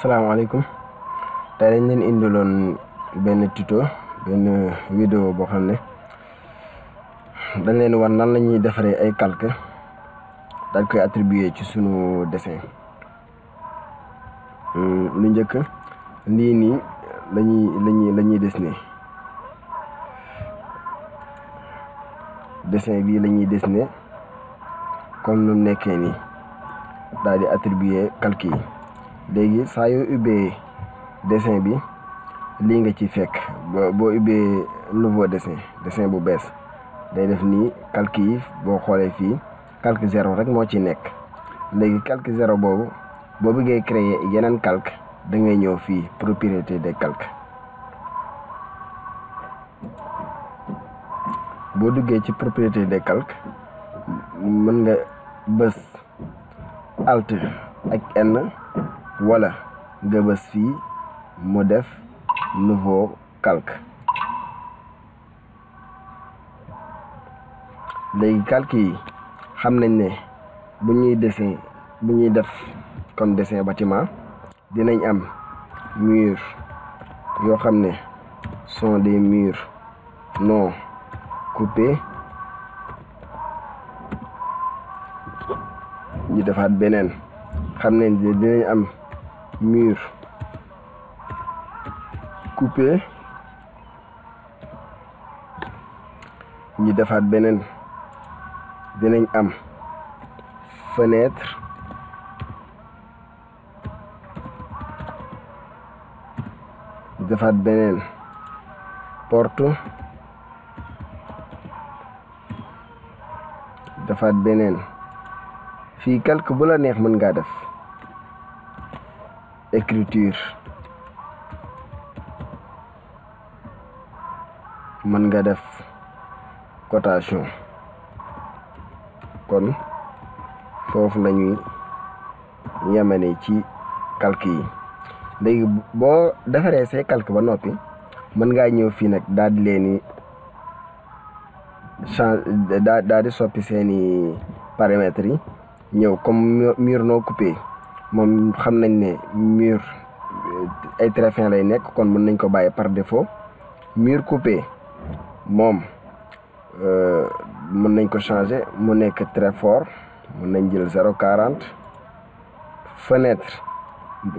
salaamaaleykum tey dañ leen indiloon benn tuto benn vidéo boo xam ne dañ leen war nan la ñuy defaree ay calque daal koy attribuer ci sunu dessin hmm, lu njëkk nii nii lañuy lañuy la ñuy dessiné dessin bii la ñuy dessiné comme nu nekkee nii daal di attribuer calque yi léegi saa yoo ubbee dessin bi lii nga ci fekk boo ubbee nouveau dessin dessin bu bees day def nii calque yi boo xoolee fii calque zéro rek moo ci nekk léegi calque zéro boobu boo bëggee créer yeneen calque da ngay ñëw fii propriété de calques boo duggee ci propriété de calques mën nga bës alt ak n wala nga bës mu def nouveau calque léegi calque yi xam nañ ne bu ñuy dessin bu ñuy def comme dessin bâtiment dinañ am mur yoo xam ne sont des murs non coupés ñu defaat beneen xam nañ dinañ am mur coupé ñu defaat beneen dinañ am fenêtre defaat beneen porte defaat beneen fii calque bu la neex mën ngaa def écriture mën nga def cotation kon foofu lañuy ñuy ci calque yi léegi boo defaree say calque ba noppi mën ngaa ñëw fii nag daal di leen soppi seeni paramètres yi ñëw comme mur non coupé moom xam nañ ne mur euh, ay très lay nekk kon mën nañ ko bàyyi par de défaut mur coupé moom euh, mën nañ ko changé mu nekk très fort mun nañ jël zéro quarante fenêtre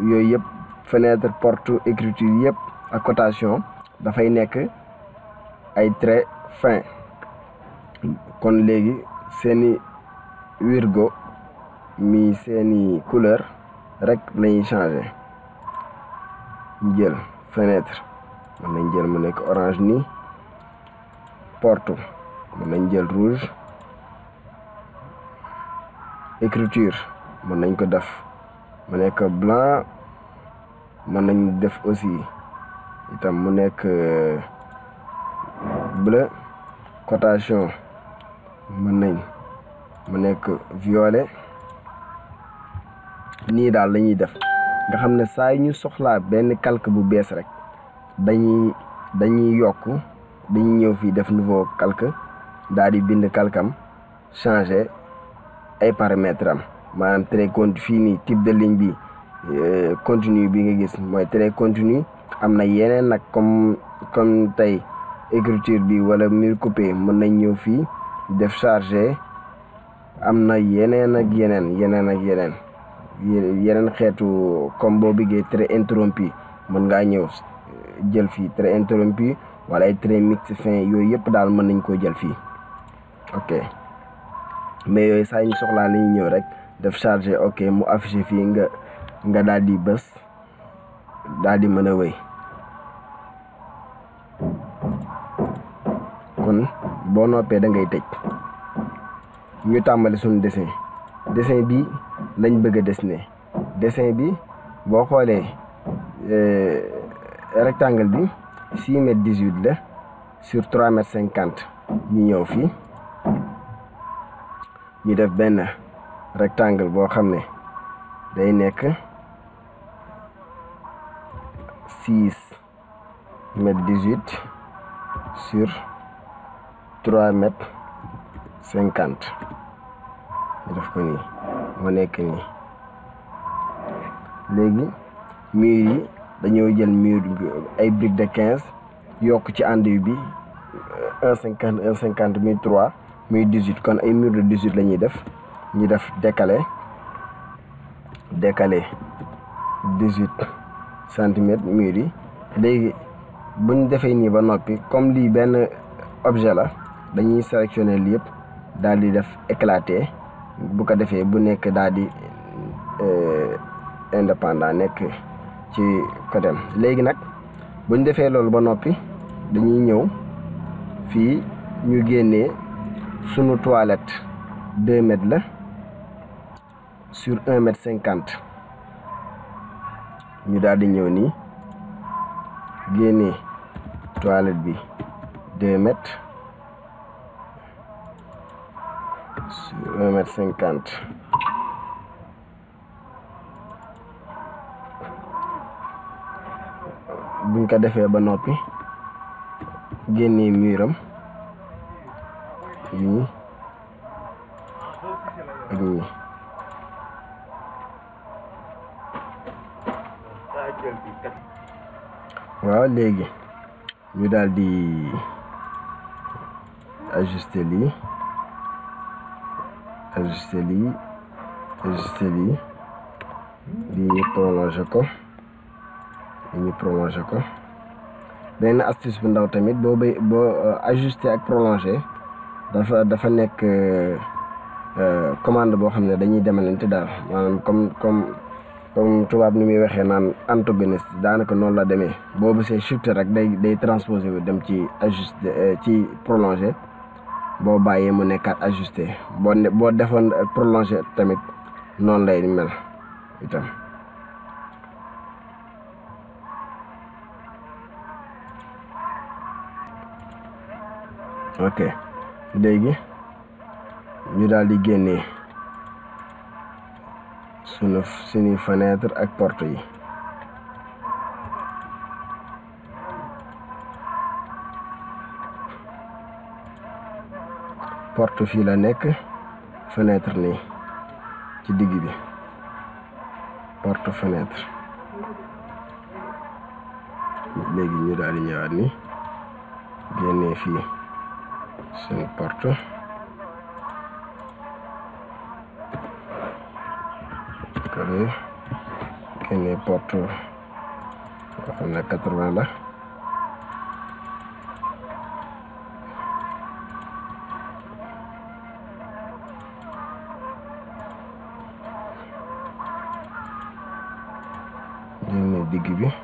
yooyu yëpp fenêtre porte écriture yëpp ak cotation dafay nekk ay très fin kon léegi seeni wirgo mi seeni couleur rek lañuy changer jël fenêtre mën nañ jël mu nekk orange nii porte mën jël rouge écriture mën nañ ko def mu nekk blanc mën nañ def aussi itam mu nekk euh, bleu cotation mën nañ mu nekk violet nii daal la def nga xam ne saa ñu soxlaa benn calque bu bees rek dañuy dañuy yokk dañuy ñëw fii def nouveau calque daal di bind calque am changer ay paramètres am maanaam trait continu fii nii type de ligne bi euh, continue bi nga gis mooy trait continu am na yeneen nag comme comme tey écriture bi wala mur coupé mën nañ ñëw fii def chargé am na yeneen ak yeneen yeneen ak yeneen yeneen xeetu comme boo biggee traits interrompus mën ngaa ñëw jël fii traits interompi wala ay traits mixtes fins yooyu yëpp daal mën nañ koo jël fii ok mais yooyu saa ñu soxlaa la ñëw rek def chargé ok mu affiché fii nga nga daal di bës daal di mën a wéy kon boo noppee da ngay tëj ñu tàmbali suñu dessin dessin bi lañ bëgg a dessiner dessin bi boo xoolee euh, rectangle bi six mètres dix huit la sur trois mètres cinquante ñu ñëw fii ñu def benn rectangle boo xam ne day nekk six mètres dix huit sur trois mètres cinquante ñu def ko nii. moo nekk nii léegi mur yi dañoo jël mur ay brique de quinze yokk ci enduit bi euh, un cinquante un cinquante muy trois muy dix huit kon ay mur de dix huit la ñuy def ñu def décalé décalé dix huit centimètres mur yi léegi bu ñu defee nii ba noppi comme lii benn objet la dañuy sélectionner lii yëpp daal di def éclaté bu ko defee bu nekk daal di euh, indépendant nekk ci côté léegi nag bu ñu defee loolu ba noppi dañuy ñëw fii ñu génnee sunu toilette deux mètres la sur un mètre cinquante ñu daal di ñëw nii génnee toilette bi deux mètres un mètre cinquante buñ ko defee ba noppi génnee miiram nii ak nii waaw léegi ñu daal di ajuster lii ajuster lii ajuster lii lii ñu ko lii ñu prolongé ko benn astuce bu ndaw tamit boo boo euh, ajuster ak prolongé dafa dafa nekk euh, euh, commande boo xam ne dañuy demalante daal maanaam comme comme comme tubaab ni muy waxee naan antagoniste daanaka noonu la demee boobu see shift rek day day transposé wu dem ci ajuste ci prolongé boo bàyyee mu nekkaat ajusté boo ne boo defoon euh, prolongé tamit noonu lay mel itam ok léegi ñu daldi génnee sunu suñuy fenêtre ak porte yi porto fii la nekk fenêtre nii ci digg bi porte fenêtre léegi ñu daal di ni génnee fii seen porte carré génnee porte boo xam quatre-vingts la génne digg bi mais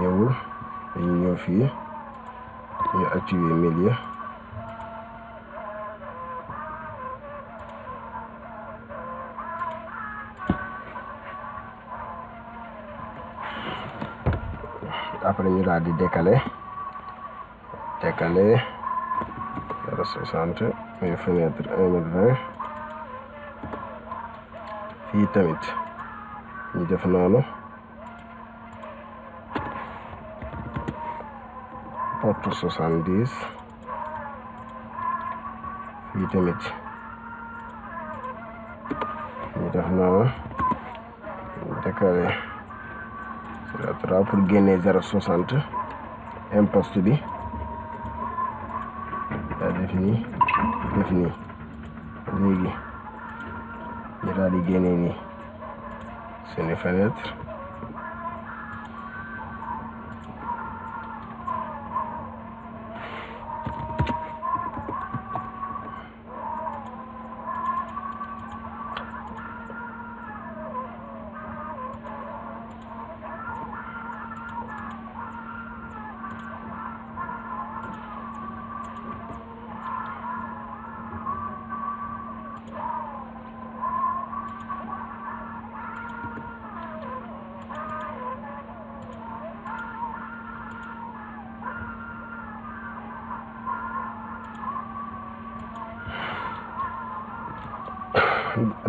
ñëwul dañu ñëw fii ñu activer milieu après ñu daal di décaler décaler 0,60 muy fenêtre 1 fii tamit ñu def noonu porte soixante-dix fii tamit ñu def noonu décalé sur le trois pour génne zéro soixante imposte bi daa def nii def nii ñu daal di génne nii suñu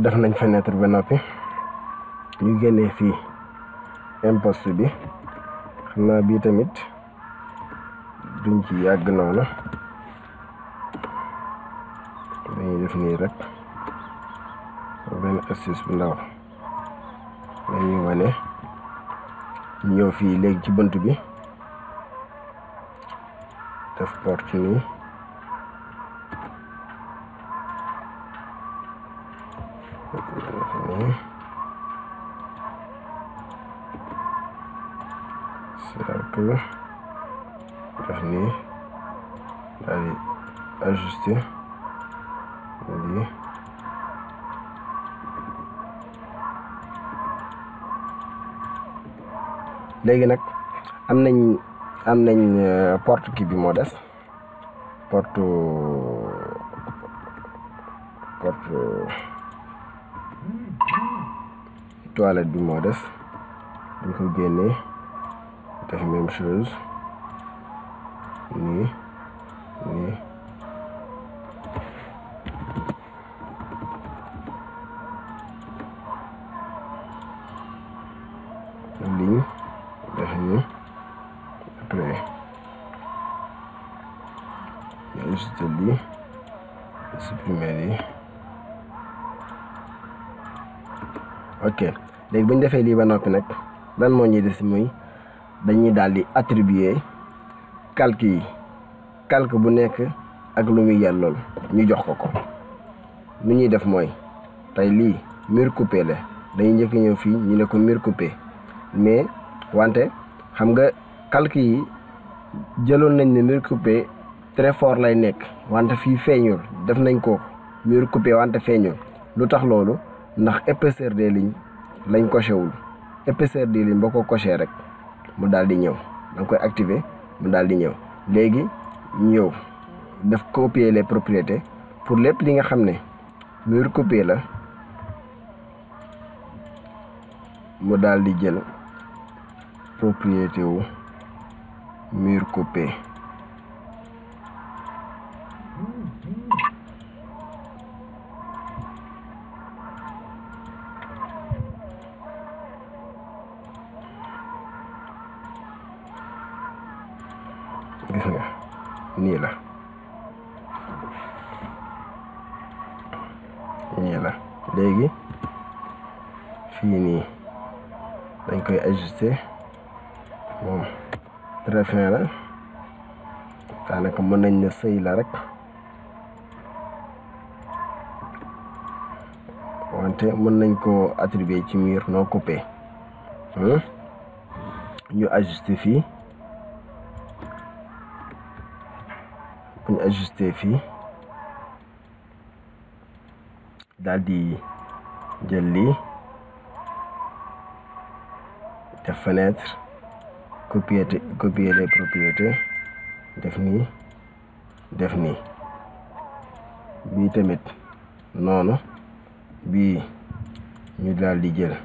def nañ fenêtre ba noppi ñu génnee fii impost bi xam naa bii tamit duñ ci yàgg noonu dañuy def nii rek benn astuce bu ndaw dañuy wane ñëw fii léegi ci bunt bi def porte nii cercle def nii daal di ajusté lii léegi nag am nañ am nañ euh, porte kii bi moo des porte euh, porte euh, toilette bi moo des ku ko génnee def même bu ñu defee lii ba noppi nag lan moo ñuy des muy dañuy daal di attribuer calque yi calque bu nekk ak lu muy yellool ñu jox ko ko nu ñuy def mooy tey lii mur coupé la dañuy njëkk ñëw fii ñu ne ko mur coupé mais wante xam nga calque yi jëloon nañ ne mur coupé très fort lay nekk wante fii feeñul def nañ ko mur coupé wante feeñul lu tax loolu ndax épaisseur des lignes lañ coché wul épaisseur di ligne boo ko coché rek mu daal di ñëw da koy activer mu daal di ñëw léegi ñëw def copier les propriétés pour lépp li nga xam ne mur copier la mu daldi jël propriété wu mur copier nii la léegi fii nii dañ koy ajuster moom très fin la daanaka mën nañ ne sëy la rek wante mën nañ ko attribuer ci mur noo coupé hmm? ñu ajuster fii bu ñu ajuster fii daal jël li def fenêtre copier copier les propriétés def ni def ni bi tamit noonu bi ñu daldi jël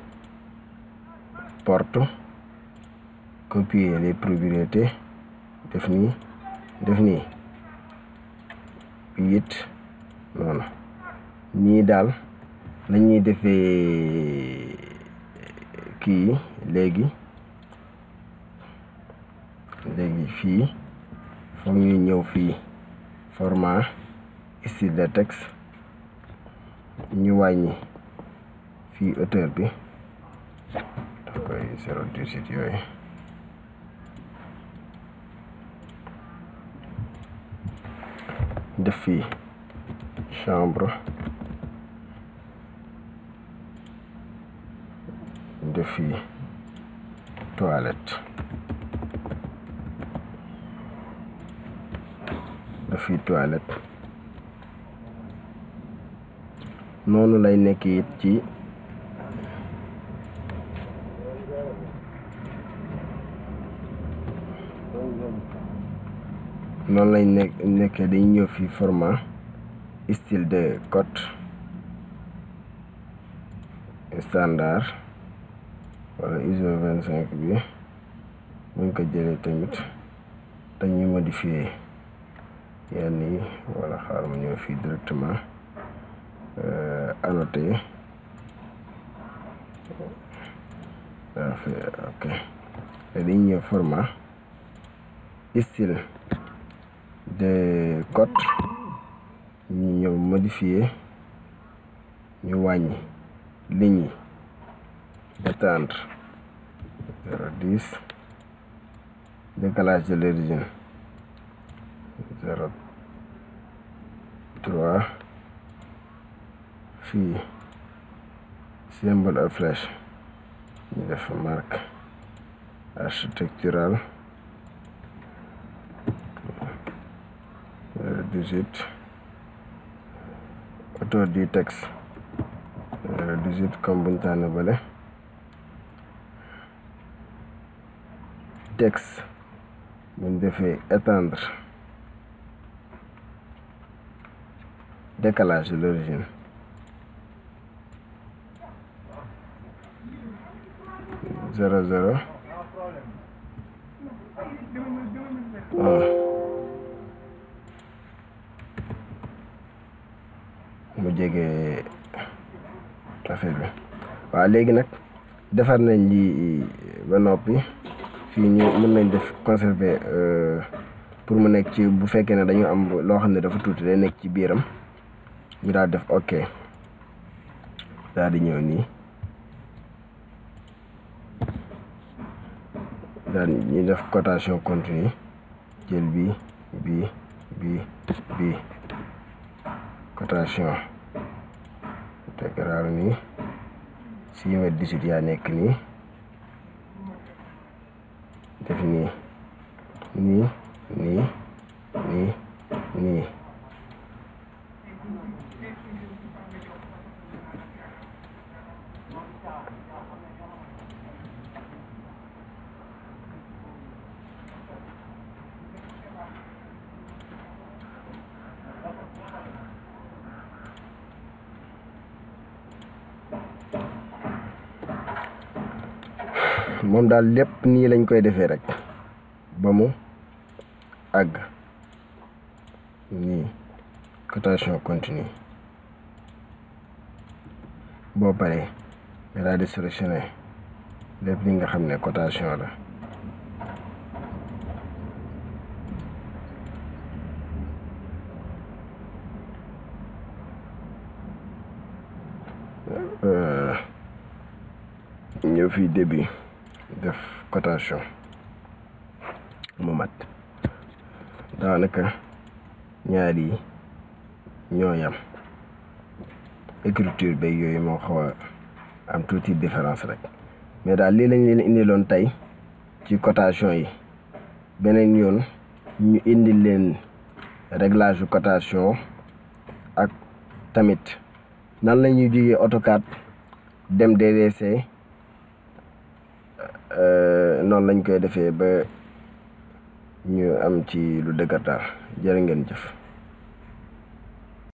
porte copier les propriétés def ni def ni bii noonu nii daal la defee kii léegi léegi fii foog ñuy ñëw fii format style de ñu wàññi fii hauteur bi da koy zéro dix yooyu def fii chambre nekk fii toilette noonu lay nekk it ci noonu lay nekk nekkee ñëw fi format style de code standard wala ISO 25 bi muñ ko jëlee tamit dañuy modifier yenn yi wala xaar ñëw fii directement euh, annoté ok te dañuy ñëw de code ñu ñëw modifier ñu wàññi ligne yi étendre zéro dix décalage de l'origine zéro trois fii symbole à flèche ñu def marque architecturale zéro dix-huit auteur du texte zéro huit comme buñ tànn bale texte mu defe étendre décalage de l'origine zéro zéro ah. mu jege affaire bi waaw léegi nag defar nañ lii ba noppi fii ñu mën nañ def conserver euh, pour mu nekk ci bu fekkee ne dañu am loo xam ne dafa tuuti day nekk ci biiram ñu daal def ok daal di ñëw nii daal ñu def cotation continue jël bi bi bi bii cotation intégral nii six mètres dix-huit yaa nekk nii def nii nii nii moom daal lépp nii lañ koy defee rek ba mu àgg nii cotation continue boo paree nga daal di sélectionné lépp li nga xam ne cotation la euh, ñëw fii début def cotation mu mat daanaka ñaar yi ñoo yam écriture bay yooyu moo xaw a am tuuti différence rek mais daal lii lañ leen indi loon tey ci cotation yi beneen yoon ñu indi leen réglage yu cotation ak tamit nan la ñuy jógee AutoCAD dem DDC Euh, noonu lañ koy defee ba ñu am ci lu dëgërtaar jërë ngeen jëf